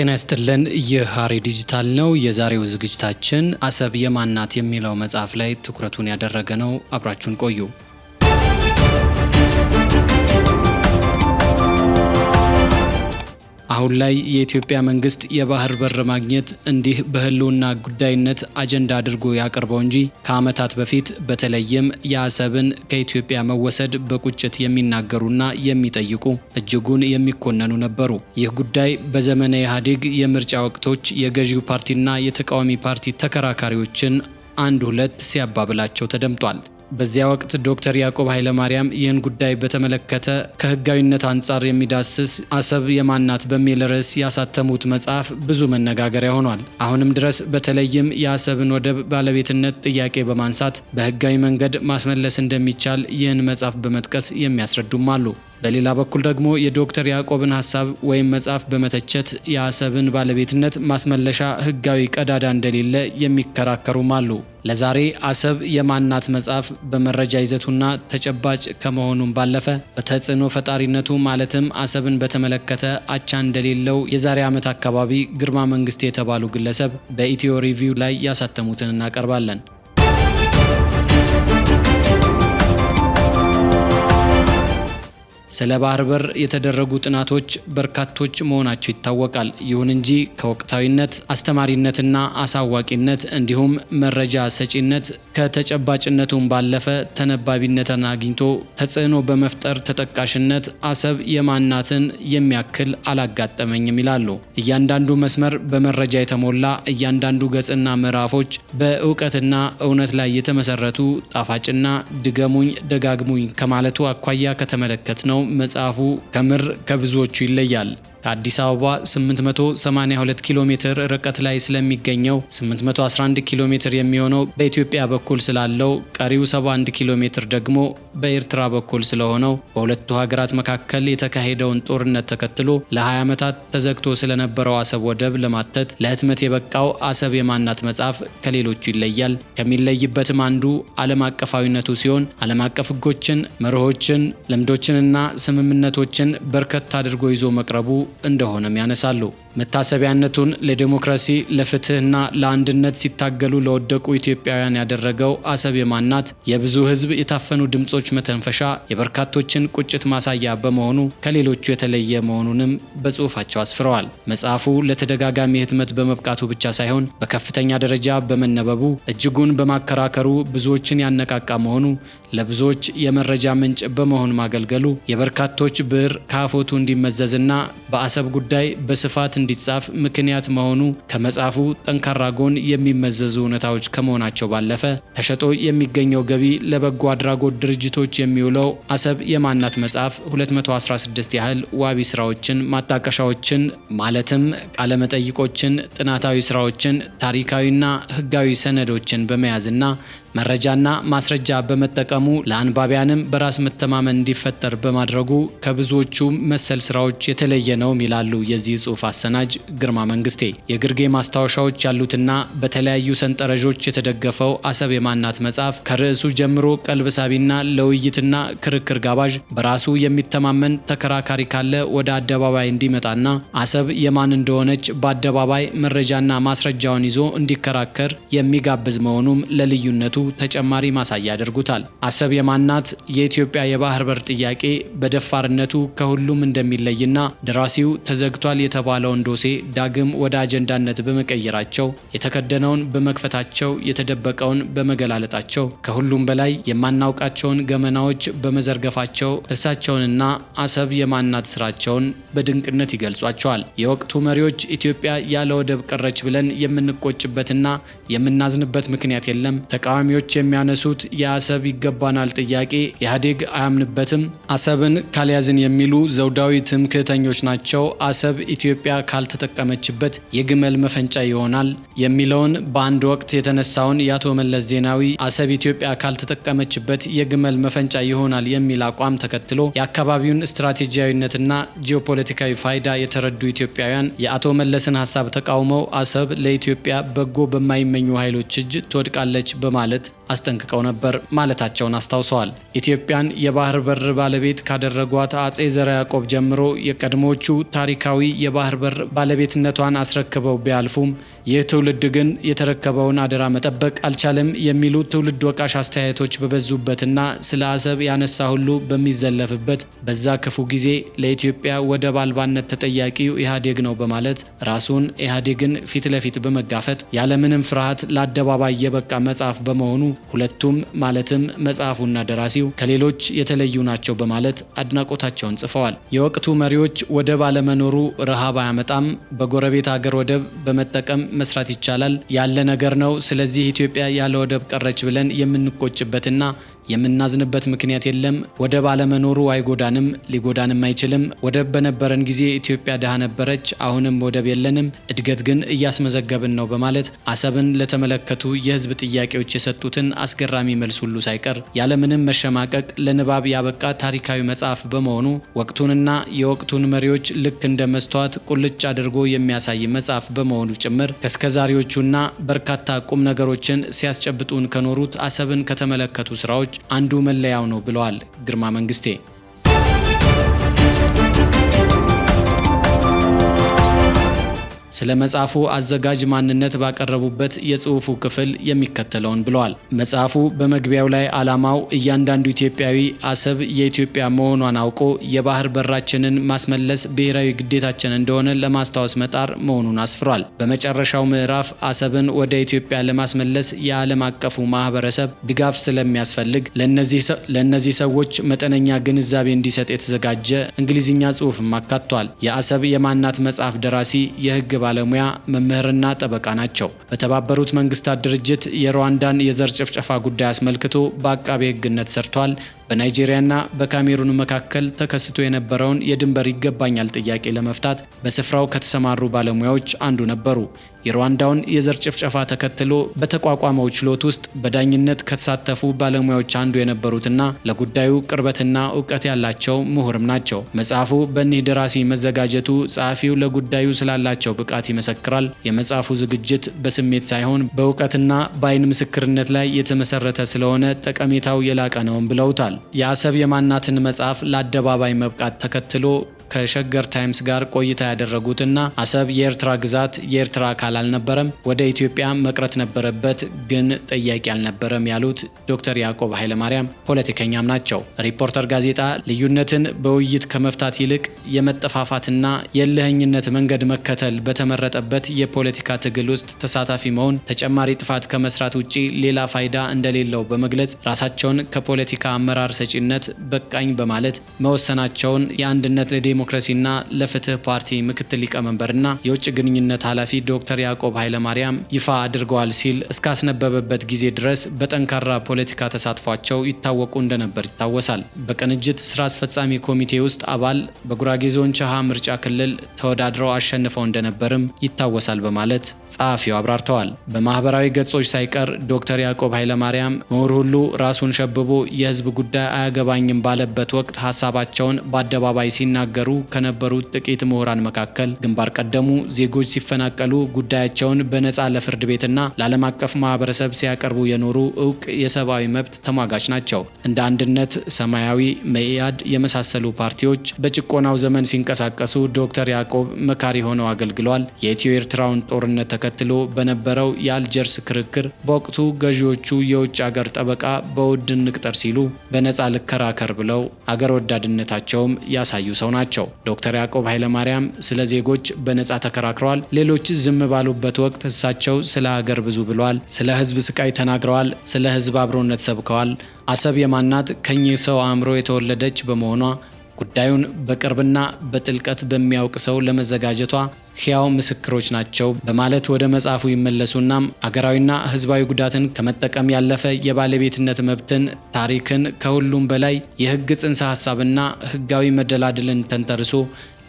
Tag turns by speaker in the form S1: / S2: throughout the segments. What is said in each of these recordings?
S1: ጤና ይስጥልን። ይህ ሀሪ ዲጂታል ነው። የዛሬው ዝግጅታችን አሰብ የማናት የሚለው መጽሐፍ ላይ ትኩረቱን ያደረገ ነው። አብራችሁን ቆዩ። አሁን ላይ የኢትዮጵያ መንግስት የባህር በር ማግኘት እንዲህ በህልውና ጉዳይነት አጀንዳ አድርጎ ያቀርበው እንጂ ከዓመታት በፊት በተለይም የአሰብን ከኢትዮጵያ መወሰድ በቁጭት የሚናገሩና የሚጠይቁ እጅጉን የሚኮነኑ ነበሩ። ይህ ጉዳይ በዘመነ ኢህአዴግ የምርጫ ወቅቶች የገዢው ፓርቲና የተቃዋሚ ፓርቲ ተከራካሪዎችን አንድ ሁለት ሲያባብላቸው ተደምጧል። በዚያ ወቅት ዶክተር ያዕቆብ ኃይለማርያም ይህን ጉዳይ በተመለከተ ከህጋዊነት አንጻር የሚዳስስ አሰብ የማናት በሚል ርዕስ ያሳተሙት መጽሐፍ ብዙ መነጋገሪያ ሆኗል። አሁንም ድረስ በተለይም የአሰብን ወደብ ባለቤትነት ጥያቄ በማንሳት በህጋዊ መንገድ ማስመለስ እንደሚቻል ይህን መጽሐፍ በመጥቀስ የሚያስረዱም አሉ። በሌላ በኩል ደግሞ የዶክተር ያዕቆብን ሀሳብ ወይም መጽሐፍ በመተቸት የአሰብን ባለቤትነት ማስመለሻ ህጋዊ ቀዳዳ እንደሌለ የሚከራከሩም አሉ። ለዛሬ አሰብ የማናት መጽሐፍ በመረጃ ይዘቱና ተጨባጭ ከመሆኑም ባለፈ በተጽዕኖ ፈጣሪነቱ ማለትም አሰብን በተመለከተ አቻ እንደሌለው የዛሬ ዓመት አካባቢ ግርማ መንግስት የተባሉ ግለሰብ በኢትዮ ሪቪው ላይ ያሳተሙትን እናቀርባለን። ስለ ባህር በር የተደረጉ ጥናቶች በርካቶች መሆናቸው ይታወቃል። ይሁን እንጂ ከወቅታዊነት አስተማሪነትና አሳዋቂነት እንዲሁም መረጃ ሰጪነት ከተጨባጭነቱን ባለፈ ተነባቢነትን አግኝቶ ተጽዕኖ በመፍጠር ተጠቃሽነት አሰብ የማናትን የሚያክል አላጋጠመኝም ይላሉ። እያንዳንዱ መስመር በመረጃ የተሞላ እያንዳንዱ ገጽና ምዕራፎች በእውቀትና እውነት ላይ የተመሰረቱ ጣፋጭና ድገሙኝ ደጋግሙኝ ከማለቱ አኳያ ከተመለከት ነው መጽሐፉ ከምር ከብዙዎቹ ይለያል። ከአዲስ አበባ 882 ኪሎ ሜትር ርቀት ላይ ስለሚገኘው 811 ኪሎ ሜትር የሚሆነው በኢትዮጵያ በኩል ስላለው ቀሪው 71 ኪሎ ሜትር ደግሞ በኤርትራ በኩል ስለሆነው በሁለቱ ሀገራት መካከል የተካሄደውን ጦርነት ተከትሎ ለ20 ዓመታት ተዘግቶ ስለነበረው አሰብ ወደብ ለማተት ለህትመት የበቃው አሰብ የማናት መጽሐፍ ከሌሎቹ ይለያል። ከሚለይበትም አንዱ ዓለም አቀፋዊነቱ ሲሆን ዓለም አቀፍ ህጎችን፣ መርሆችን፣ ልምዶችንና ስምምነቶችን በርከት አድርጎ ይዞ መቅረቡ እንደሆነም ያነሳሉ። መታሰቢያነቱን ለዴሞክራሲ ለፍትህና ለአንድነት ሲታገሉ ለወደቁ ኢትዮጵያውያን ያደረገው አሰብ የማናት የብዙ ሕዝብ የታፈኑ ድምጾች መተንፈሻ የበርካቶችን ቁጭት ማሳያ በመሆኑ ከሌሎቹ የተለየ መሆኑንም በጽሑፋቸው አስፍረዋል። መጽሐፉ ለተደጋጋሚ ህትመት በመብቃቱ ብቻ ሳይሆን በከፍተኛ ደረጃ በመነበቡ እጅጉን በማከራከሩ ብዙዎችን ያነቃቃ መሆኑ ለብዙዎች የመረጃ ምንጭ በመሆን ማገልገሉ የበርካቶች ብዕር ከአፎቱ እንዲመዘዝና በአሰብ ጉዳይ በስፋት እንዲጻፍ ምክንያት መሆኑ ከመጽሐፉ ጠንካራ ጎን የሚመዘዙ እውነታዎች ከመሆናቸው ባለፈ ተሸጦ የሚገኘው ገቢ ለበጎ አድራጎት ድርጅቶች የሚውለው አሰብ የማናት መጽሐፍ 216 ያህል ዋቢ ስራዎችን፣ ማጣቀሻዎችን ማለትም ቃለመጠይቆችን፣ ጥናታዊ ስራዎችን፣ ታሪካዊና ህጋዊ ሰነዶችን በመያዝና መረጃና ማስረጃ በመጠቀሙ ለአንባቢያንም በራስ መተማመን እንዲፈጠር በማድረጉ ከብዙዎቹ መሰል ስራዎች የተለየ ነውም ይላሉ የዚህ ጽሑፍ አሰናጅ ግርማ መንግስቴ። የግርጌ ማስታወሻዎች ያሉትና በተለያዩ ሰንጠረዦች የተደገፈው አሰብ የማናት መጽሐፍ ከርዕሱ ጀምሮ ቀልብ ሳቢና ለውይይትና ክርክር ጋባዥ፣ በራሱ የሚተማመን ተከራካሪ ካለ ወደ አደባባይ እንዲመጣና አሰብ የማን እንደሆነች በአደባባይ መረጃና ማስረጃውን ይዞ እንዲከራከር የሚጋብዝ መሆኑም ለልዩነቱ ተጨማሪ ማሳያ ያደርጉታል። አሰብ የማናት የኢትዮጵያ የባህር በር ጥያቄ በደፋርነቱ ከሁሉም እንደሚለይና ደራሲው ተዘግቷል የተባለውን ዶሴ ዳግም ወደ አጀንዳነት በመቀየራቸው የተከደነውን በመክፈታቸው የተደበቀውን በመገላለጣቸው ከሁሉም በላይ የማናውቃቸውን ገመናዎች በመዘርገፋቸው እርሳቸውንና አሰብ የማናት ስራቸውን በድንቅነት ይገልጿቸዋል። የወቅቱ መሪዎች ኢትዮጵያ ያለ ወደብ ቀረች ብለን የምንቆጭበትና የምናዝንበት ምክንያት የለም ተቃዋሚ ተቃዋሚዎች የሚያነሱት የአሰብ ይገባናል ጥያቄ ኢህአዴግ አያምንበትም፣ አሰብን ካልያዝን የሚሉ ዘውዳዊ ትምክህተኞች ናቸው። አሰብ ኢትዮጵያ ካልተጠቀመችበት የግመል መፈንጫ ይሆናል የሚለውን በአንድ ወቅት የተነሳውን የአቶ መለስ ዜናዊ አሰብ ኢትዮጵያ ካልተጠቀመችበት የግመል መፈንጫ ይሆናል የሚል አቋም ተከትሎ የአካባቢውን ስትራቴጂያዊነትና ጂኦፖለቲካዊ ፋይዳ የተረዱ ኢትዮጵያውያን የአቶ መለስን ሀሳብ ተቃውመው አሰብ ለኢትዮጵያ በጎ በማይመኙ ኃይሎች እጅ ትወድቃለች በማለት Zeit. አስጠንቅቀው ነበር ማለታቸውን አስታውሰዋል። ኢትዮጵያን የባህር በር ባለቤት ካደረጓት አጼ ዘርዓ ያዕቆብ ጀምሮ የቀድሞቹ ታሪካዊ የባህር በር ባለቤትነቷን አስረክበው ቢያልፉም ይህ ትውልድ ግን የተረከበውን አደራ መጠበቅ አልቻለም የሚሉ ትውልድ ወቃሽ አስተያየቶች በበዙበትና ስለ አሰብ ያነሳ ሁሉ በሚዘለፍበት በዛ ክፉ ጊዜ ለኢትዮጵያ ወደብ አልባነት ተጠያቂው ኢህአዴግ ነው በማለት ራሱን ኢህአዴግን ፊት ለፊት በመጋፈጥ ያለምንም ፍርሃት ለአደባባይ የበቃ መጽሐፍ በመሆኑ ሁለቱም ማለትም መጽሐፉና ደራሲው ከሌሎች የተለዩ ናቸው በማለት አድናቆታቸውን ጽፈዋል። የወቅቱ መሪዎች ወደብ አለመኖሩ ረሃብ አያመጣም፣ በጎረቤት ሀገር ወደብ በመጠቀም መስራት ይቻላል፣ ያለ ነገር ነው። ስለዚህ ኢትዮጵያ ያለ ወደብ ቀረች ብለን የምንቆጭበትና የምናዝንበት ምክንያት የለም። ወደብ አለመኖሩ አይጎዳንም፣ ሊጎዳንም አይችልም። ወደብ በነበረን ጊዜ ኢትዮጵያ ድሃ ነበረች፣ አሁንም ወደብ የለንም፣ እድገት ግን እያስመዘገብን ነው በማለት አሰብን ለተመለከቱ የህዝብ ጥያቄዎች የሰጡትን አስገራሚ መልስ ሁሉ ሳይቀር ያለምንም መሸማቀቅ ለንባብ ያበቃ ታሪካዊ መጽሐፍ በመሆኑ ወቅቱንና የወቅቱን መሪዎች ልክ እንደ መስተዋት ቁልጭ አድርጎ የሚያሳይ መጽሐፍ በመሆኑ ጭምር ከእስከዛሬዎቹና በርካታ ቁም ነገሮችን ሲያስጨብጡን ከኖሩት አሰብን ከተመለከቱ ስራዎች አንዱ መለያው ነው ብለዋል ግርማ መንግስቴ። ስለ መጽሐፉ አዘጋጅ ማንነት ባቀረቡበት የጽሑፉ ክፍል የሚከተለውን ብለዋል። መጽሐፉ በመግቢያው ላይ ዓላማው እያንዳንዱ ኢትዮጵያዊ አሰብ የኢትዮጵያ መሆኗን አውቆ የባህር በራችንን ማስመለስ ብሔራዊ ግዴታችን እንደሆነ ለማስታወስ መጣር መሆኑን አስፍሯል። በመጨረሻው ምዕራፍ አሰብን ወደ ኢትዮጵያ ለማስመለስ የዓለም አቀፉ ማህበረሰብ ድጋፍ ስለሚያስፈልግ ለእነዚህ ሰዎች መጠነኛ ግንዛቤ እንዲሰጥ የተዘጋጀ እንግሊዝኛ ጽሑፍም አካቷል። የአሰብ የማናት መጽሐፍ ደራሲ የህግ ባ ባለሙያ መምህርና ጠበቃ ናቸው። በተባበሩት መንግስታት ድርጅት የሩዋንዳን የዘር ጭፍጨፋ ጉዳይ አስመልክቶ በአቃቤ ሕግነት ሰርቷል። በናይጄሪያና በካሜሩን መካከል ተከስቶ የነበረውን የድንበር ይገባኛል ጥያቄ ለመፍታት በስፍራው ከተሰማሩ ባለሙያዎች አንዱ ነበሩ። የሩዋንዳውን የዘር ጭፍጨፋ ተከትሎ በተቋቋመው ችሎት ውስጥ በዳኝነት ከተሳተፉ ባለሙያዎች አንዱ የነበሩትና ለጉዳዩ ቅርበትና እውቀት ያላቸው ምሁርም ናቸው። መጽሐፉ በእኒህ ደራሲ መዘጋጀቱ ጸሐፊው ለጉዳዩ ስላላቸው ብቃት ይመሰክራል። የመጽሐፉ ዝግጅት በስሜት ሳይሆን በእውቀትና በአይን ምስክርነት ላይ የተመሰረተ ስለሆነ ጠቀሜታው የላቀ ነውም ብለውታል። የአሰብ የማናትን መጽሐፍ ለአደባባይ መብቃት ተከትሎ ከሸገር ታይምስ ጋር ቆይታ ያደረጉትና አሰብ የኤርትራ ግዛት የኤርትራ አካል አልነበረም፣ ወደ ኢትዮጵያ መቅረት ነበረበት፣ ግን ጥያቄ አልነበረም ያሉት ዶክተር ያዕቆብ ኃይለማርያም ፖለቲከኛም ናቸው። ሪፖርተር ጋዜጣ ልዩነትን በውይይት ከመፍታት ይልቅ የመጠፋፋትና የእልህኝነት መንገድ መከተል በተመረጠበት የፖለቲካ ትግል ውስጥ ተሳታፊ መሆን ተጨማሪ ጥፋት ከመስራት ውጪ ሌላ ፋይዳ እንደሌለው በመግለጽ ራሳቸውን ከፖለቲካ አመራር ሰጪነት በቃኝ በማለት መወሰናቸውን የአንድነት ለዴሞ ለዲሞክራሲና ለፍትህ ፓርቲ ምክትል ሊቀመንበርና የውጭ ግንኙነት ኃላፊ ዶክተር ያዕቆብ ኃይለማርያም ይፋ አድርገዋል ሲል እስካስነበበበት ጊዜ ድረስ በጠንካራ ፖለቲካ ተሳትፏቸው ይታወቁ እንደነበር ይታወሳል። በቅንጅት ስራ አስፈጻሚ ኮሚቴ ውስጥ አባል፣ በጉራጌ ዞን ቸሃ ምርጫ ክልል ተወዳድረው አሸንፈው እንደነበርም ይታወሳል በማለት ጸሐፊው አብራርተዋል። በማህበራዊ ገጾች ሳይቀር ዶክተር ያዕቆብ ኃይለማርያም ምሁር ሁሉ ራሱን ሸብቦ የህዝብ ጉዳይ አያገባኝም ባለበት ወቅት ሀሳባቸውን በአደባባይ ሲናገሩ ከነበሩት ጥቂት ምሁራን መካከል ግንባር ቀደሙ ዜጎች ሲፈናቀሉ ጉዳያቸውን በነጻ ለፍርድ ቤትና ለዓለም አቀፍ ማህበረሰብ ሲያቀርቡ የኖሩ እውቅ የሰብአዊ መብት ተሟጋች ናቸው። እንደ አንድነት፣ ሰማያዊ፣ መኢአድ የመሳሰሉ ፓርቲዎች በጭቆናው ዘመን ሲንቀሳቀሱ ዶክተር ያዕቆብ መካሪ ሆነው አገልግሏል። የኢትዮ ኤርትራውን ጦርነት ተከትሎ በነበረው የአልጀርስ ክርክር በወቅቱ ገዢዎቹ የውጭ አገር ጠበቃ በውድ እንቅጠር ሲሉ በነፃ ልከራከር ብለው አገር ወዳድነታቸውም ያሳዩ ሰው ናቸው። ናቸው። ዶክተር ያዕቆብ ኃይለማርያም ስለ ዜጎች በነጻ ተከራክረዋል። ሌሎች ዝም ባሉበት ወቅት እሳቸው ስለ ሀገር ብዙ ብለዋል። ስለ ህዝብ ስቃይ ተናግረዋል። ስለ ህዝብ አብሮነት ሰብከዋል። አሰብ የማናት ከኚህ ሰው አእምሮ የተወለደች በመሆኗ ጉዳዩን በቅርብና በጥልቀት በሚያውቅ ሰው ለመዘጋጀቷ ሕያው ምስክሮች ናቸው በማለት ወደ መጽሐፉ ይመለሱናም አገራዊና ሕዝባዊ ጉዳትን ከመጠቀም ያለፈ የባለቤትነት መብትን፣ ታሪክን፣ ከሁሉም በላይ የሕግ ጽንሰ ሐሳብና ሕጋዊ መደላድልን ተንተርሶ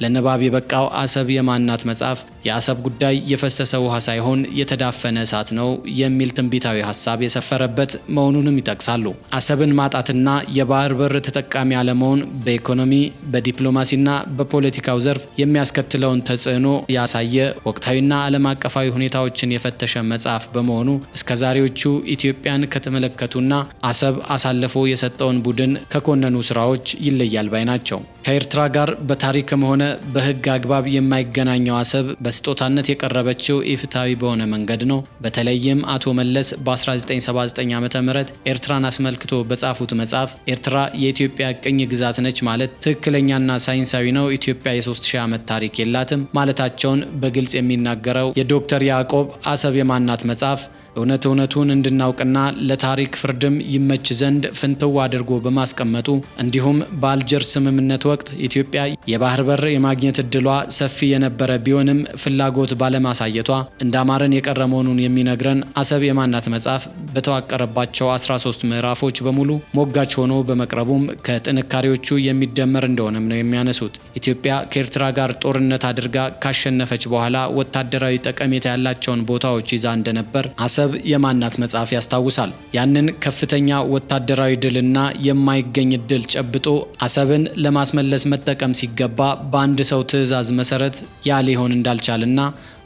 S1: ለንባብ የበቃው አሰብ የማናት መጽሐፍ የአሰብ ጉዳይ የፈሰሰ ውሃ ሳይሆን የተዳፈነ እሳት ነው የሚል ትንቢታዊ ሀሳብ የሰፈረበት መሆኑንም ይጠቅሳሉ። አሰብን ማጣትና የባህር በር ተጠቃሚ አለመሆን በኢኮኖሚ በዲፕሎማሲና በፖለቲካው ዘርፍ የሚያስከትለውን ተጽዕኖ ያሳየ ወቅታዊና ዓለም አቀፋዊ ሁኔታዎችን የፈተሸ መጽሐፍ በመሆኑ እስከ ዛሬዎቹ ኢትዮጵያን ከተመለከቱና አሰብ አሳልፎ የሰጠውን ቡድን ከኮነኑ ስራዎች ይለያል ባይ ናቸው። ከኤርትራ ጋር በታሪክም ሆነ በህግ አግባብ የማይገናኘው አሰብ በስጦታነት የቀረበችው ኢፍትሐዊ በሆነ መንገድ ነው። በተለይም አቶ መለስ በ1979 ዓ ም ኤርትራን አስመልክቶ በጻፉት መጽሐፍ ኤርትራ የኢትዮጵያ ቅኝ ግዛት ነች ማለት ትክክለኛና ሳይንሳዊ ነው፣ ኢትዮጵያ የ3000 ዓመት ታሪክ የላትም ማለታቸውን በግልጽ የሚናገረው የዶክተር ያዕቆብ አሰብ የማናት መጽሐፍ እውነት እውነቱን እንድናውቅና ለታሪክ ፍርድም ይመች ዘንድ ፍንትው አድርጎ በማስቀመጡ እንዲሁም በአልጀር ስምምነት ወቅት ኢትዮጵያ የባህር በር የማግኘት እድሏ ሰፊ የነበረ ቢሆንም ፍላጎት ባለማሳየቷ እንዳማረን የቀረ መሆኑን የሚነግረን አሰብ የማናት መጽሐፍ በተዋቀረባቸው 13 ምዕራፎች በሙሉ ሞጋች ሆኖ በመቅረቡም ከጥንካሬዎቹ የሚደመር እንደሆነም ነው የሚያነሱት። ኢትዮጵያ ከኤርትራ ጋር ጦርነት አድርጋ ካሸነፈች በኋላ ወታደራዊ ጠቀሜታ ያላቸውን ቦታዎች ይዛ እንደነበር ቤተሰብ የማናት መጽሐፍ ያስታውሳል። ያንን ከፍተኛ ወታደራዊ ድልና የማይገኝ ድል ጨብጦ አሰብን ለማስመለስ መጠቀም ሲገባ በአንድ ሰው ትዕዛዝ መሰረት ያ ሊሆን እንዳልቻልና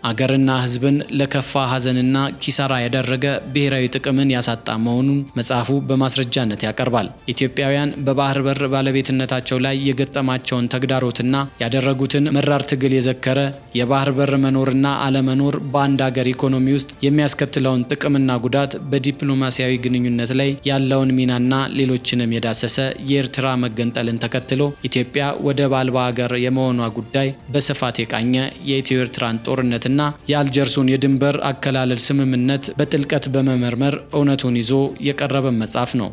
S1: አገርና ሕዝብን ለከፋ ሐዘንና ኪሳራ ያደረገ ብሔራዊ ጥቅምን ያሳጣ መሆኑን መጽሐፉ በማስረጃነት ያቀርባል። ኢትዮጵያውያን በባህር በር ባለቤትነታቸው ላይ የገጠማቸውን ተግዳሮትና ያደረጉትን መራር ትግል የዘከረ የባህር በር መኖርና አለመኖር በአንድ አገር ኢኮኖሚ ውስጥ የሚያስከትለውን ጥቅምና ጉዳት፣ በዲፕሎማሲያዊ ግንኙነት ላይ ያለውን ሚናና ሌሎችንም የዳሰሰ የኤርትራ መገንጠልን ተከትሎ ኢትዮጵያ ወደብ አልባ አገር የመሆኗ ጉዳይ በስፋት የቃኘ የኢትዮ ኤርትራን ጦርነትና ና የአልጀርሱን የድንበር አከላለል ስምምነት በጥልቀት በመመርመር እውነቱን ይዞ የቀረበ መጽሐፍ ነው።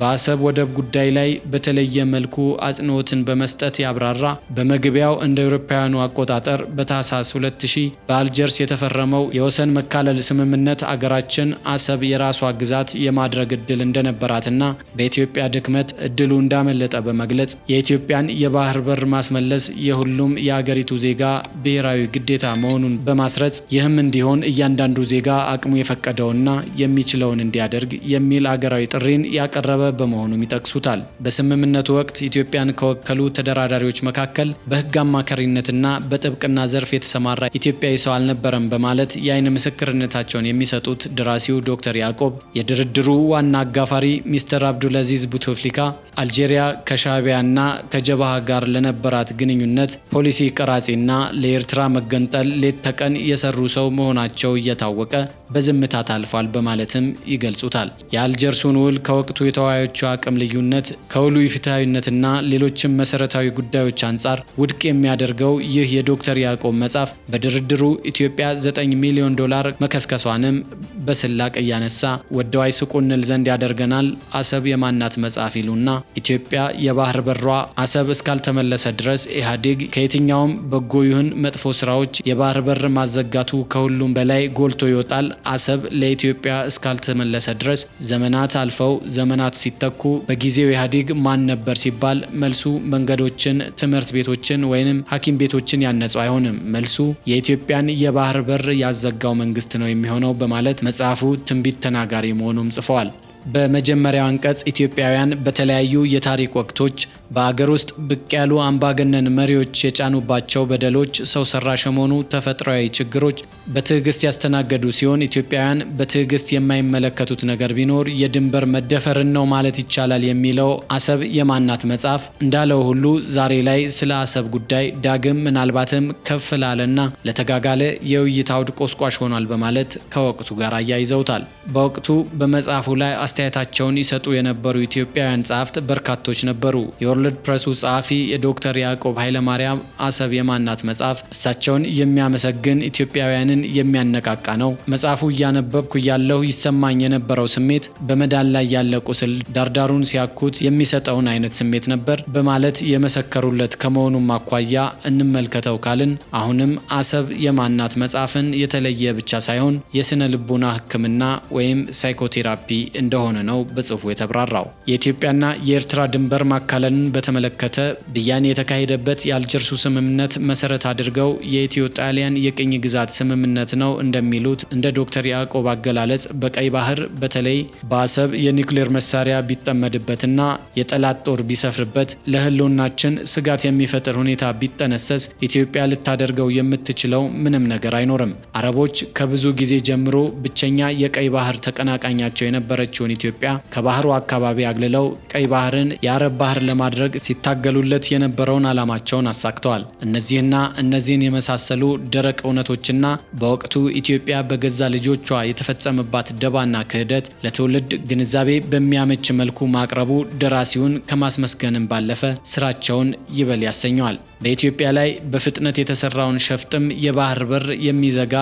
S1: በአሰብ ወደብ ጉዳይ ላይ በተለየ መልኩ አጽንኦትን በመስጠት ያብራራ። በመግቢያው እንደ አውሮፓውያኑ አቆጣጠር በታህሳስ 2000 በአልጀርስ የተፈረመው የወሰን መካለል ስምምነት አገራችን አሰብ የራሷ ግዛት የማድረግ እድል እንደነበራትና በኢትዮጵያ ድክመት እድሉ እንዳመለጠ በመግለጽ የኢትዮጵያን የባህር በር ማስመለስ የሁሉም የአገሪቱ ዜጋ ብሔራዊ ግዴታ መሆኑን በማስረጽ ይህም እንዲሆን እያንዳንዱ ዜጋ አቅሙ የፈቀደውና የሚችለውን እንዲያደርግ የሚል አገራዊ ጥሪን ያቀረበ የተገደበ በመሆኑም ይጠቅሱታል። በስምምነቱ ወቅት ኢትዮጵያን ከወከሉ ተደራዳሪዎች መካከል በህግ አማካሪነትና በጥብቅና ዘርፍ የተሰማራ ኢትዮጵያዊ ሰው አልነበረም በማለት የአይን ምስክርነታቸውን የሚሰጡት ደራሲው ዶክተር ያዕቆብ የድርድሩ ዋና አጋፋሪ ሚስተር አብዱልአዚዝ ቡቶፍሊካ አልጄሪያ ከሻቢያና ከጀባሃ ጋር ለነበራት ግንኙነት ፖሊሲ ቀራጺና ለኤርትራ መገንጠል ሌት ተቀን የሰሩ ሰው መሆናቸው እየታወቀ በዝምታ ታልፏል በማለትም ይገልጹታል። የአልጀርሱን ውል ከወቅቱ የተዋዮቹ አቅም ልዩነት፣ ከውሉ ፍትሐዊነትና ሌሎችም መሰረታዊ ጉዳዮች አንጻር ውድቅ የሚያደርገው ይህ የዶክተር ያዕቆብ መጽሐፍ በድርድሩ ኢትዮጵያ 9 ሚሊዮን ዶላር መከስከሷንም በስላቅ እያነሳ ወደው አይስቁ እንል ዘንድ ያደርገናል አሰብ የማናት መጽሐፍ ይሉና ኢትዮጵያ የባህር በሯ አሰብ እስካልተመለሰ ድረስ ኢህአዴግ ከየትኛውም በጎ ይሁን መጥፎ ስራዎች የባህር በር ማዘጋቱ ከሁሉም በላይ ጎልቶ ይወጣል። አሰብ ለኢትዮጵያ እስካልተመለሰ ድረስ ዘመናት አልፈው ዘመናት ሲተኩ በጊዜው ኢህአዴግ ማን ነበር ሲባል መልሱ መንገዶችን፣ ትምህርት ቤቶችን ወይንም ሐኪም ቤቶችን ያነጹ አይሆንም። መልሱ የኢትዮጵያን የባህር በር ያዘጋው መንግስት ነው የሚሆነው በማለት መጽሐፉ ትንቢት ተናጋሪ መሆኑም ጽፈዋል። በመጀመሪያው አንቀጽ ኢትዮጵያውያን በተለያዩ የታሪክ ወቅቶች በአገር ውስጥ ብቅ ያሉ አምባገነን መሪዎች የጫኑባቸው በደሎች፣ ሰው ሰራሽ የሆኑ ተፈጥሯዊ ችግሮች በትዕግስት ያስተናገዱ ሲሆን ኢትዮጵያውያን በትዕግስት የማይመለከቱት ነገር ቢኖር የድንበር መደፈርን ነው ማለት ይቻላል የሚለው አሰብ የማናት መጽሐፍ እንዳለው ሁሉ ዛሬ ላይ ስለ አሰብ ጉዳይ ዳግም ምናልባትም ከፍ ላለና ለተጋጋለ የውይይት አውድ ቆስቋሽ ሆኗል በማለት ከወቅቱ ጋር አያይዘውታል። በወቅቱ በመጽሐፉ ላይ አስተያየታቸውን ይሰጡ የነበሩ ኢትዮጵያውያን ጸሐፍት በርካቶች ነበሩ። የወርልድ ፕሬሱ ጸሐፊ የዶክተር ያዕቆብ ኃይለማርያም አሰብ የማናት መጽሐፍ እሳቸውን የሚያመሰግን ኢትዮጵያውያንን የሚያነቃቃ ነው። መጽሐፉ እያነበብኩ እያለሁ ይሰማኝ የነበረው ስሜት በመዳን ላይ ያለ ቁስል ዳርዳሩን ሲያኩት የሚሰጠውን አይነት ስሜት ነበር በማለት የመሰከሩለት ከመሆኑም አኳያ እንመልከተው ካልን አሁንም አሰብ የማናት መጽሐፍን የተለየ ብቻ ሳይሆን የስነ ልቡና ሕክምና ወይም ሳይኮቴራፒ እንደሆነ እንደሆነ ነው በጽሁፉ የተብራራው። የኢትዮጵያና የኤርትራ ድንበር ማካለልን በተመለከተ ብያኔ የተካሄደበት የአልጀርሱ ስምምነት መሰረት አድርገው የኢትዮ ጣሊያን የቅኝ ግዛት ስምምነት ነው እንደሚሉት እንደ ዶክተር ያዕቆብ አገላለጽ በቀይ ባህር በተለይ በአሰብ የኒውክሌር መሳሪያ ቢጠመድበትና የጠላት ጦር ቢሰፍርበት ለህልውናችን ስጋት የሚፈጥር ሁኔታ ቢጠነሰስ ኢትዮጵያ ልታደርገው የምትችለው ምንም ነገር አይኖርም። አረቦች ከብዙ ጊዜ ጀምሮ ብቸኛ የቀይ ባህር ተቀናቃኛቸው የነበረችው የነበረችውን ኢትዮጵያ ከባህሩ አካባቢ አግልለው ቀይ ባህርን የአረብ ባህር ለማድረግ ሲታገሉለት የነበረውን ዓላማቸውን አሳክተዋል። እነዚህና እነዚህን የመሳሰሉ ደረቅ እውነቶችና በወቅቱ ኢትዮጵያ በገዛ ልጆቿ የተፈጸመባት ደባና ክህደት ለትውልድ ግንዛቤ በሚያመች መልኩ ማቅረቡ ደራሲውን ከማስመስገንም ባለፈ ስራቸውን ይበል ያሰኘዋል። በኢትዮጵያ ላይ በፍጥነት የተሰራውን ሸፍጥም የባህር በር የሚዘጋ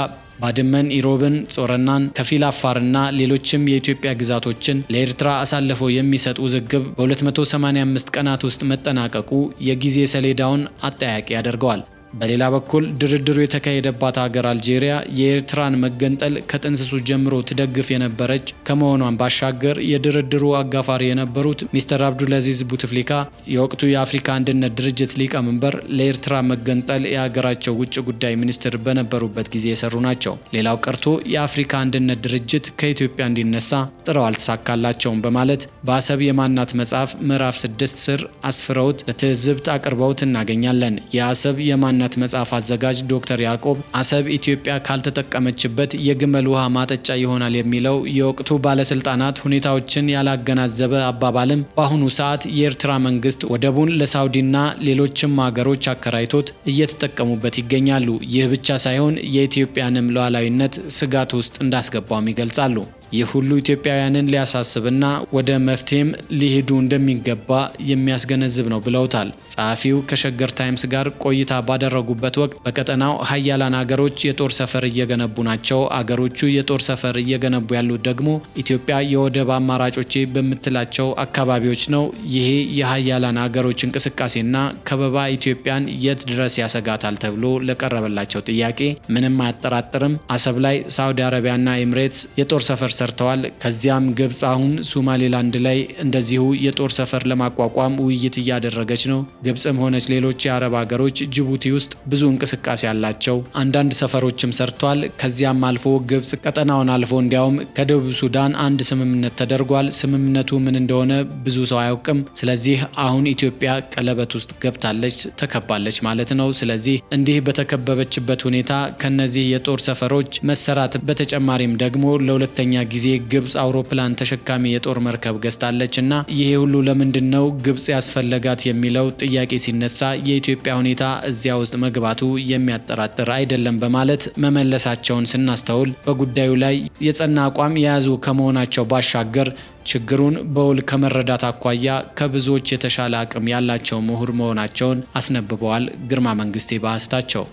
S1: ባድመን፣ ኢሮብን፣ ጾረናን፣ ከፊል አፋርና ሌሎችም የኢትዮጵያ ግዛቶችን ለኤርትራ አሳልፈው የሚሰጥ ውዝግብ በ285 ቀናት ውስጥ መጠናቀቁ የጊዜ ሰሌዳውን አጠያቂ ያደርገዋል። በሌላ በኩል ድርድሩ የተካሄደባት ሀገር አልጄሪያ የኤርትራን መገንጠል ከጥንስሱ ጀምሮ ትደግፍ የነበረች ከመሆኗን ባሻገር የድርድሩ አጋፋሪ የነበሩት ሚስተር አብዱልአዚዝ ቡትፍሊካ የወቅቱ የአፍሪካ አንድነት ድርጅት ሊቀመንበር ለኤርትራ መገንጠል የሀገራቸው ውጭ ጉዳይ ሚኒስትር በነበሩበት ጊዜ የሰሩ ናቸው። ሌላው ቀርቶ የአፍሪካ አንድነት ድርጅት ከኢትዮጵያ እንዲነሳ ጥረው አልተሳካላቸውም በማለት በአሰብ የማናት መጽሐፍ ምዕራፍ ስድስት ስር አስፍረውት ለትዝብት አቅርበውት እናገኛለን። የአሰብ የማናት የእምነት መጽሐፍ አዘጋጅ ዶክተር ያዕቆብ አሰብ ኢትዮጵያ ካልተጠቀመችበት የግመል ውሃ ማጠጫ ይሆናል የሚለው የወቅቱ ባለስልጣናት ሁኔታዎችን ያላገናዘበ አባባልም በአሁኑ ሰዓት የኤርትራ መንግስት ወደቡን ለሳውዲና ሌሎችም ሀገሮች አከራይቶት እየተጠቀሙበት ይገኛሉ። ይህ ብቻ ሳይሆን የኢትዮጵያንም ሉዓላዊነት ስጋት ውስጥ እንዳስገባም ይገልጻሉ። ይህ ሁሉ ኢትዮጵያውያንን ሊያሳስብና ወደ መፍትሄም ሊሄዱ እንደሚገባ የሚያስገነዝብ ነው ብለውታል። ጸሐፊው ከሸገር ታይምስ ጋር ቆይታ ባደረጉበት ወቅት በቀጠናው ሀያላን አገሮች የጦር ሰፈር እየገነቡ ናቸው። አገሮቹ የጦር ሰፈር እየገነቡ ያሉት ደግሞ ኢትዮጵያ የወደብ አማራጮቼ በምትላቸው አካባቢዎች ነው። ይሄ የሀያላን አገሮች እንቅስቃሴና ከበባ ኢትዮጵያን የት ድረስ ያሰጋታል ተብሎ ለቀረበላቸው ጥያቄ ምንም አያጠራጥርም፣ አሰብ ላይ ሳውዲ አረቢያና ኤምሬትስ የጦር ሰፈር ሰርተዋል። ከዚያም ግብፅ አሁን ሱማሌላንድ ላይ እንደዚሁ የጦር ሰፈር ለማቋቋም ውይይት እያደረገች ነው። ግብፅም ሆነች ሌሎች የአረብ ሀገሮች ጅቡቲ ውስጥ ብዙ እንቅስቃሴ አላቸው። አንዳንድ ሰፈሮችም ሰርተዋል። ከዚያም አልፎ ግብፅ ቀጠናውን አልፎ እንዲያውም ከደቡብ ሱዳን አንድ ስምምነት ተደርጓል። ስምምነቱ ምን እንደሆነ ብዙ ሰው አያውቅም። ስለዚህ አሁን ኢትዮጵያ ቀለበት ውስጥ ገብታለች፣ ተከባለች ማለት ነው። ስለዚህ እንዲህ በተከበበችበት ሁኔታ ከነዚህ የጦር ሰፈሮች መሰራት በተጨማሪም ደግሞ ለሁለተኛ ጊዜ ግብጽ አውሮፕላን ተሸካሚ የጦር መርከብ ገዝታለች እና ይሄ ሁሉ ለምንድን ነው ግብጽ ያስፈለጋት የሚለው ጥያቄ ሲነሳ የኢትዮጵያ ሁኔታ እዚያ ውስጥ መግባቱ የሚያጠራጥር አይደለም በማለት መመለሳቸውን ስናስተውል በጉዳዩ ላይ የጸና አቋም የያዙ ከመሆናቸው ባሻገር ችግሩን በውል ከመረዳት አኳያ ከብዙዎች የተሻለ አቅም ያላቸው ምሁር መሆናቸውን አስነብበዋል። ግርማ መንግስቴ ባህስታቸው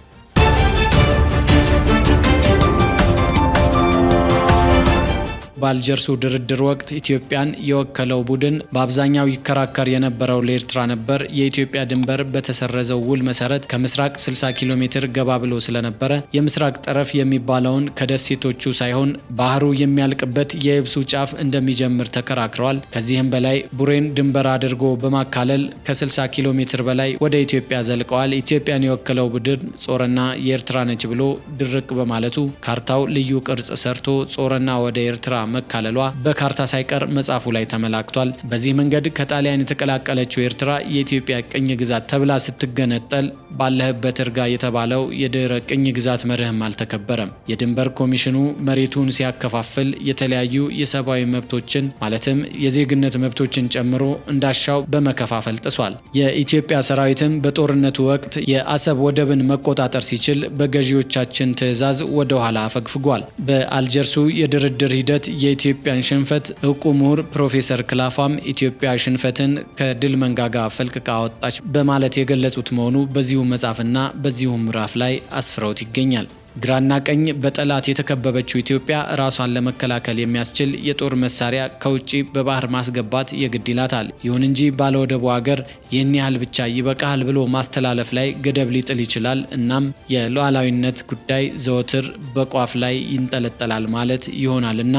S1: በአልጀርሱ ድርድር ወቅት ኢትዮጵያን የወከለው ቡድን በአብዛኛው ይከራከር የነበረው ለኤርትራ ነበር። የኢትዮጵያ ድንበር በተሰረዘው ውል መሰረት ከምስራቅ 60 ኪሎ ሜትር ገባ ብሎ ስለነበረ የምስራቅ ጠረፍ የሚባለውን ከደሴቶቹ ሳይሆን ባህሩ የሚያልቅበት የየብሱ ጫፍ እንደሚጀምር ተከራክረዋል። ከዚህም በላይ ቡሬን ድንበር አድርጎ በማካለል ከ60 ኪሎ ሜትር በላይ ወደ ኢትዮጵያ ዘልቀዋል። ኢትዮጵያን የወከለው ቡድን ጾረና የኤርትራ ነች ብሎ ድርቅ በማለቱ ካርታው ልዩ ቅርጽ ሰርቶ ጾረና ወደ ኤርትራ መካለሏ በካርታ ሳይቀር መጽሐፉ ላይ ተመላክቷል። በዚህ መንገድ ከጣሊያን የተቀላቀለችው ኤርትራ የኢትዮጵያ ቅኝ ግዛት ተብላ ስትገነጠል ባለህበት እርጋ የተባለው የድህረ ቅኝ ግዛት መርህም አልተከበረም። የድንበር ኮሚሽኑ መሬቱን ሲያከፋፍል የተለያዩ የሰብአዊ መብቶችን ማለትም የዜግነት መብቶችን ጨምሮ እንዳሻው በመከፋፈል ጥሷል። የኢትዮጵያ ሰራዊትም በጦርነቱ ወቅት የአሰብ ወደብን መቆጣጠር ሲችል በገዢዎቻችን ትዕዛዝ ወደ ኋላ አፈግፍጓል። በአልጀርሱ የድርድር ሂደት የኢትዮጵያን ሽንፈት እውቁ ምሁር ፕሮፌሰር ክላፋም ኢትዮጵያ ሽንፈትን ከድል መንጋጋ ፈልቅቃ አወጣች በማለት የገለጹት መሆኑ በዚሁ መጽሐፍና በዚሁ ምዕራፍ ላይ አስፍረውት ይገኛል። ግራና ቀኝ በጠላት የተከበበችው ኢትዮጵያ ራሷን ለመከላከል የሚያስችል የጦር መሳሪያ ከውጭ በባህር ማስገባት የግድ ይላታል። ይሁን እንጂ ባለወደቡ ሀገር ይህን ያህል ብቻ ይበቃሃል ብሎ ማስተላለፍ ላይ ገደብ ሊጥል ይችላል። እናም የሉዓላዊነት ጉዳይ ዘወትር በቋፍ ላይ ይንጠለጠላል ማለት ይሆናልና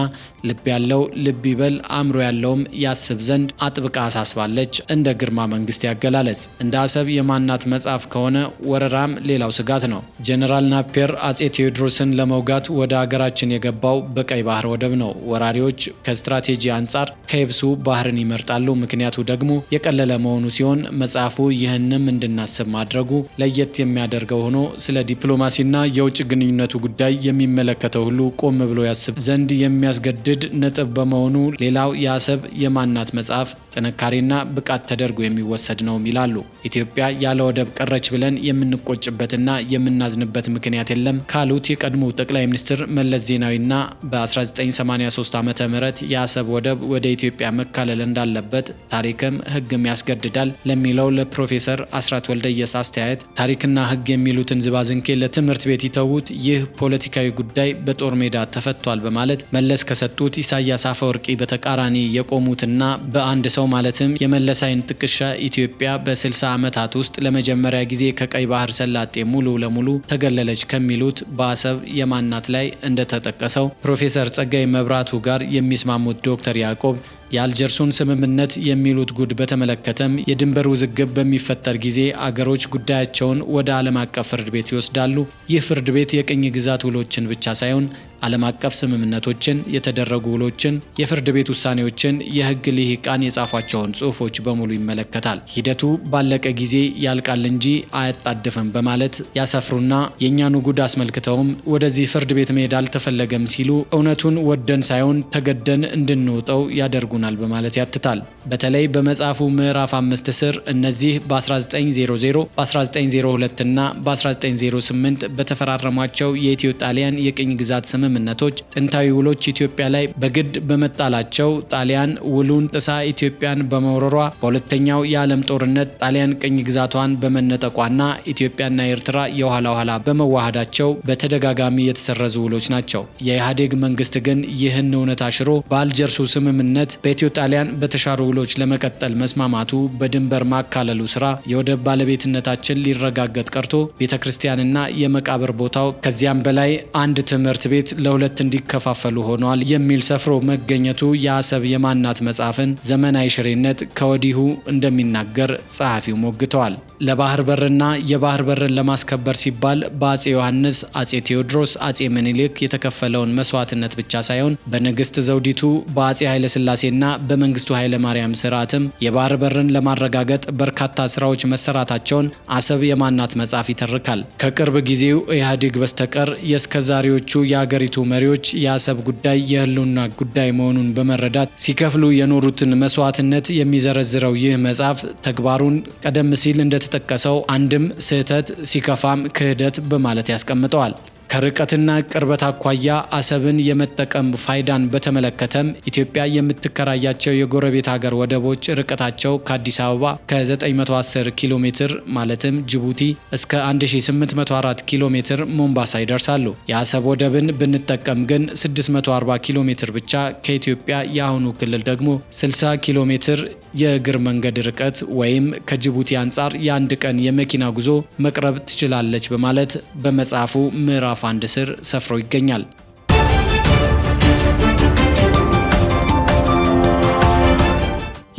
S1: ልብ ያለው ልብ ይበል፣ አእምሮ ያለውም ያስብ ዘንድ አጥብቃ አሳስባለች። እንደ ግርማ መንግስት ያገላለጽ። እንደ አሰብ የማናት መጽሐፍ ከሆነ ወረራም ሌላው ስጋት ነው። ጄኔራል ናፔር አጼ ቴዎድሮስን ለመውጋት ወደ አገራችን የገባው በቀይ ባህር ወደብ ነው። ወራሪዎች ከስትራቴጂ አንጻር ከየብሱ ባህርን ይመርጣሉ። ምክንያቱ ደግሞ የቀለለ መሆኑ ሲሆን መጽሐፉ ይህንም እንድናስብ ማድረጉ ለየት የሚያደርገው ሆኖ ስለ ዲፕሎማሲና የውጭ ግንኙነቱ ጉዳይ የሚመለከተው ሁሉ ቆም ብሎ ያስብ ዘንድ የሚያስገድ የሚያስገድድ ነጥብ በመሆኑ ሌላው የአሰብ የማናት መጽሐፍ ጥንካሬና ብቃት ተደርጎ የሚወሰድ ነውም ይላሉ። ኢትዮጵያ ያለ ወደብ ቀረች ብለን የምንቆጭበትና የምናዝንበት ምክንያት የለም ካሉት የቀድሞ ጠቅላይ ሚኒስትር መለስ ዜናዊና በ1983 ዓ ም የአሰብ ወደብ ወደ ኢትዮጵያ መካለል እንዳለበት ታሪክም ህግም ያስገድዳል ለሚለው ለፕሮፌሰር አስራት ወልደየስ አስተያየት ታሪክና ህግ የሚሉትን ዝባዝንኬ ለትምህርት ቤት ይተዉት፣ ይህ ፖለቲካዊ ጉዳይ በጦር ሜዳ ተፈቷል በማለት መለስ ከሰጡ ከመጡት ኢሳያስ አፈወርቂ በተቃራኒ የቆሙትና በአንድ ሰው ማለትም የመለሳይን ጥቅሻ ኢትዮጵያ በ60 ዓመታት ውስጥ ለመጀመሪያ ጊዜ ከቀይ ባህር ሰላጤ ሙሉ ለሙሉ ተገለለች ከሚሉት በአሰብ የማናት ላይ እንደተጠቀሰው ፕሮፌሰር ጸጋይ መብራቱ ጋር የሚስማሙት ዶክተር ያዕቆብ የአልጀርሱን ስምምነት የሚሉት ጉድ በተመለከተም የድንበር ውዝግብ በሚፈጠር ጊዜ አገሮች ጉዳያቸውን ወደ ዓለም አቀፍ ፍርድ ቤት ይወስዳሉ። ይህ ፍርድ ቤት የቅኝ ግዛት ውሎችን ብቻ ሳይሆን ዓለም አቀፍ ስምምነቶችን፣ የተደረጉ ውሎችን፣ የፍርድ ቤት ውሳኔዎችን፣ የሕግ ልሂቃን የጻፏቸውን ጽሑፎች በሙሉ ይመለከታል። ሂደቱ ባለቀ ጊዜ ያልቃል እንጂ አያጣድፍም በማለት ያሰፍሩና የእኛኑ ጉድ አስመልክተውም ወደዚህ ፍርድ ቤት መሄድ አልተፈለገም ሲሉ እውነቱን ወደን ሳይሆን ተገደን እንድንውጠው ያደርጉ ይሆናል በማለት ያትታል። በተለይ በመጽሐፉ ምዕራፍ አምስት ስር እነዚህ በ1900 በ1902 እና በ1908 በተፈራረሟቸው የኢትዮ ጣሊያን የቅኝ ግዛት ስምምነቶች ጥንታዊ ውሎች ኢትዮጵያ ላይ በግድ በመጣላቸው ጣሊያን ውሉን ጥሳ ኢትዮጵያን በመውረሯ በሁለተኛው የዓለም ጦርነት ጣሊያን ቅኝ ግዛቷን በመነጠቋና ኢትዮጵያና ኤርትራ የኋላ ኋላ በመዋሃዳቸው በተደጋጋሚ የተሰረዙ ውሎች ናቸው። የኢህአዴግ መንግስት ግን ይህን እውነት አሽሮ በአልጀርሱ ስምምነት በኢትዮ ጣሊያን በተሻሩ ውሎች ለመቀጠል መስማማቱ በድንበር ማካለሉ ስራ የወደብ ባለቤትነታችን ሊረጋገጥ ቀርቶ ቤተ ክርስቲያንና የመቃብር ቦታው ከዚያም በላይ አንድ ትምህርት ቤት ለሁለት እንዲከፋፈሉ ሆኗል የሚል ሰፍሮ መገኘቱ የአሰብ የማናት መጽሐፍን ዘመናዊ ሽሬነት ከወዲሁ እንደሚናገር ጸሐፊው ሞግተዋል። ለባህር በርና የባህር በርን ለማስከበር ሲባል በአጼ ዮሐንስ፣ አጼ ቴዎድሮስ፣ አጼ ምኒልክ የተከፈለውን መስዋዕትነት ብቻ ሳይሆን በንግስት ዘውዲቱ፣ በአጼ ኃይለስላሴና በመንግስቱ ኃይለማርያም የአይኤም ስርዓትም የባህር በርን ለማረጋገጥ በርካታ ስራዎች መሰራታቸውን አሰብ የማናት መጽሐፍ ይተርካል። ከቅርብ ጊዜው ኢህአዴግ በስተቀር የእስከዛሬዎቹ የአገሪቱ መሪዎች የአሰብ ጉዳይ የህልውና ጉዳይ መሆኑን በመረዳት ሲከፍሉ የኖሩትን መስዋዕትነት የሚዘረዝረው ይህ መጽሐፍ ተግባሩን ቀደም ሲል እንደተጠቀሰው አንድም ስህተት ሲከፋም ክህደት በማለት ያስቀምጠዋል። ከርቀትና ቅርበት አኳያ አሰብን የመጠቀም ፋይዳን በተመለከተም ኢትዮጵያ የምትከራያቸው የጎረቤት ሀገር ወደቦች ርቀታቸው ከአዲስ አበባ ከ910 ኪሎ ሜትር ማለትም ጅቡቲ እስከ 1804 ኪሎ ሜትር ሞምባሳ ይደርሳሉ። የአሰብ ወደብን ብንጠቀም ግን 640 ኪሎ ሜትር ብቻ፣ ከኢትዮጵያ የአሁኑ ክልል ደግሞ 60 ኪሎ ሜትር የእግር መንገድ ርቀት ወይም ከጅቡቲ አንጻር የአንድ ቀን የመኪና ጉዞ መቅረብ ትችላለች በማለት በመጽሐፉ ምዕራፍ አፋንድ ስር ሰፍሮ ይገኛል።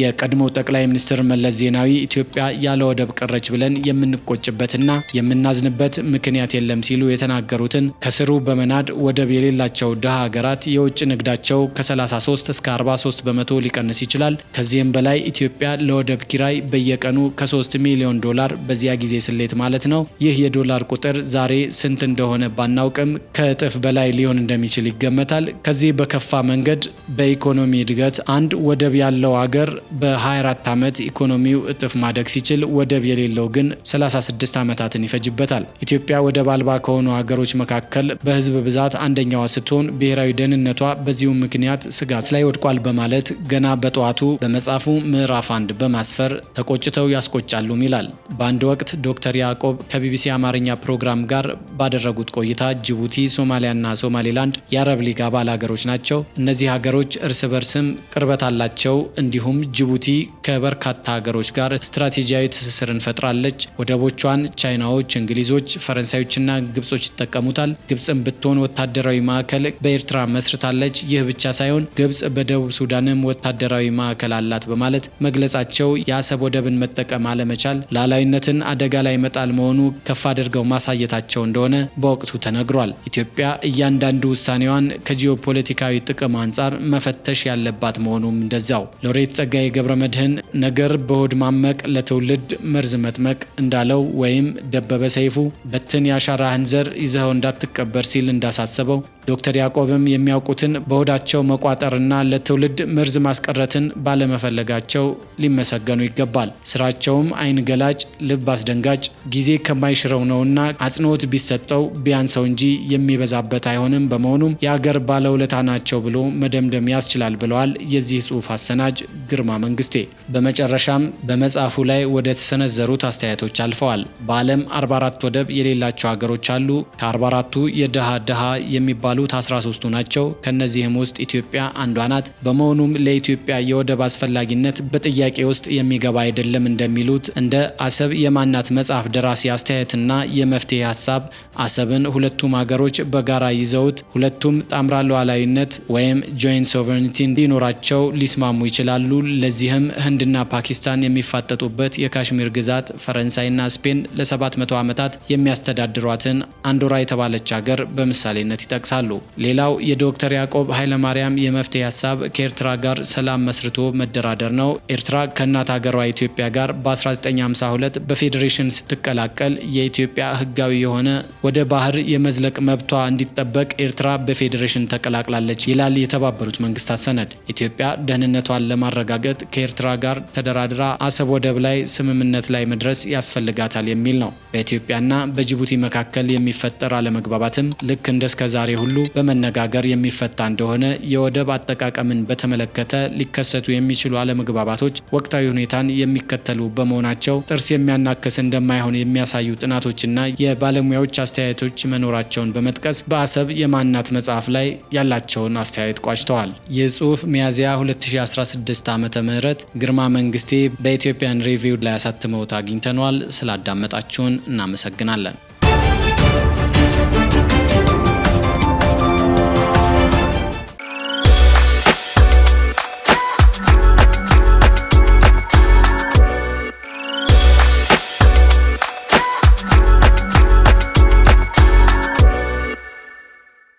S1: የቀድሞ ጠቅላይ ሚኒስትር መለስ ዜናዊ ኢትዮጵያ ያለ ወደብ ቀረች ብለን የምንቆጭበትና የምናዝንበት ምክንያት የለም ሲሉ የተናገሩትን ከስሩ በመናድ ወደብ የሌላቸው ድሃ ሀገራት የውጭ ንግዳቸው ከ33 እስከ 43 በመቶ ሊቀንስ ይችላል። ከዚህም በላይ ኢትዮጵያ ለወደብ ኪራይ በየቀኑ ከ3 ሚሊዮን ዶላር በዚያ ጊዜ ስሌት ማለት ነው። ይህ የዶላር ቁጥር ዛሬ ስንት እንደሆነ ባናውቅም ከእጥፍ በላይ ሊሆን እንደሚችል ይገመታል። ከዚህ በከፋ መንገድ በኢኮኖሚ እድገት አንድ ወደብ ያለው አገር በ24 ዓመት ኢኮኖሚው እጥፍ ማደግ ሲችል ወደብ የሌለው ግን 36 ዓመታትን ይፈጅበታል። ኢትዮጵያ ወደብ አልባ ከሆኑ ሀገሮች መካከል በህዝብ ብዛት አንደኛዋ ስትሆን ብሔራዊ ደህንነቷ በዚሁ ምክንያት ስጋት ላይ ወድቋል በማለት ገና በጠዋቱ በመጽሐፉ ምዕራፍ አንድ በማስፈር ተቆጭተው ያስቆጫሉም ይላል። በአንድ ወቅት ዶክተር ያዕቆብ ከቢቢሲ አማርኛ ፕሮግራም ጋር ባደረጉት ቆይታ ጅቡቲ፣ ሶማሊያና ሶማሌላንድ የአረብ ሊግ አባል ሀገሮች ናቸው። እነዚህ ሀገሮች እርስ በርስም ቅርበት አላቸው እንዲሁም ጅቡቲ ከበርካታ ሀገሮች ጋር ስትራቴጂያዊ ትስስርን ፈጥራለች። ወደቦቿን ቻይናዎች፣ እንግሊዞች፣ ፈረንሳዮችና ግብጾች ይጠቀሙታል። ግብፅም ብትሆን ወታደራዊ ማዕከል በኤርትራ መስርታለች። ይህ ብቻ ሳይሆን ግብፅ በደቡብ ሱዳንም ወታደራዊ ማዕከል አላት በማለት መግለጻቸው የአሰብ ወደብን መጠቀም አለመቻል ሉዓላዊነትን አደጋ ላይ መጣል መሆኑ ከፍ አድርገው ማሳየታቸው እንደሆነ በወቅቱ ተነግሯል። ኢትዮጵያ እያንዳንዱ ውሳኔዋን ከጂኦፖለቲካዊ ጥቅም አንጻር መፈተሽ ያለባት መሆኑም እንደዚያው ሎሬት ጸጋይ ጸጋዬ ገብረ መድህን ነገር በሆድ ማመቅ ለትውልድ መርዝ መጥመቅ እንዳለው ወይም ደበበ ሰይፉ በትን ያሻራህን ዘር ይዘኸው እንዳትቀበር ሲል እንዳሳሰበው ዶክተር ያዕቆብም የሚያውቁትን በሆዳቸው መቋጠርና ለትውልድ መርዝ ማስቀረትን ባለመፈለጋቸው ሊመሰገኑ ይገባል። ስራቸውም አይን ገላጭ፣ ልብ አስደንጋጭ፣ ጊዜ ከማይሽረው ነውና አጽንኦት ቢሰጠው ቢያንሰው እንጂ የሚበዛበት አይሆንም። በመሆኑም የአገር ባለውለታ ናቸው ብሎ መደምደም ያስችላል ብለዋል የዚህ ጽሑፍ አሰናጅ ግርማ መንግስቴ። በመጨረሻም በመጽሐፉ ላይ ወደ ተሰነዘሩት አስተያየቶች አልፈዋል። በዓለም 44 ወደብ የሌላቸው ሀገሮች አሉ። ከ44ቱ የድሃ ድሃ የሚባ የተባሉት 13ቱ ናቸው። ከእነዚህም ውስጥ ኢትዮጵያ አንዷ ናት። በመሆኑም ለኢትዮጵያ የወደብ አስፈላጊነት በጥያቄ ውስጥ የሚገባ አይደለም እንደሚሉት እንደ አሰብ የማናት መጽሐፍ ደራሲ አስተያየትና የመፍትሄ ሀሳብ አሰብን ሁለቱም ሀገሮች በጋራ ይዘውት ሁለቱም ጣምራ ሉዓላዊነት ወይም ጆይንት ሶቨሬኒቲ እንዲኖራቸው ሊስማሙ ይችላሉ። ለዚህም ህንድና ፓኪስታን የሚፋጠጡበት የካሽሚር ግዛት ፈረንሳይና ስፔን ለ700 ዓመታት የሚያስተዳድሯትን አንዶራ የተባለች ሀገር በምሳሌነት ይጠቅሳል። ይገልጻሉ። ሌላው የዶክተር ያዕቆብ ኃይለማርያም የመፍትሄ ሀሳብ ከኤርትራ ጋር ሰላም መስርቶ መደራደር ነው። ኤርትራ ከእናት ሀገሯ ኢትዮጵያ ጋር በ1952 በፌዴሬሽን ስትቀላቀል የኢትዮጵያ ህጋዊ የሆነ ወደ ባህር የመዝለቅ መብቷ እንዲጠበቅ ኤርትራ በፌዴሬሽን ተቀላቅላለች ይላል የተባበሩት መንግስታት ሰነድ። ኢትዮጵያ ደህንነቷን ለማረጋገጥ ከኤርትራ ጋር ተደራድራ አሰብ ወደብ ላይ ስምምነት ላይ መድረስ ያስፈልጋታል የሚል ነው። በኢትዮጵያና በጅቡቲ መካከል የሚፈጠር አለመግባባትም ልክ እንደ ዛሬ ሁሉ ሁሉ በመነጋገር የሚፈታ እንደሆነ የወደብ አጠቃቀምን በተመለከተ ሊከሰቱ የሚችሉ አለመግባባቶች ወቅታዊ ሁኔታን የሚከተሉ በመሆናቸው ጥርስ የሚያናክስ እንደማይሆን የሚያሳዩ ጥናቶችና የባለሙያዎች አስተያየቶች መኖራቸውን በመጥቀስ በአሰብ የማናት መጽሐፍ ላይ ያላቸውን አስተያየት ቋጭተዋል። ይህ ጽሁፍ ሚያዝያ 2016 ዓ ም ግርማ መንግስቴ በኢትዮጵያን ሪቪው ላይ ያሳትመውት አግኝተነዋል። ስላዳመጣችሁን እናመሰግናለን።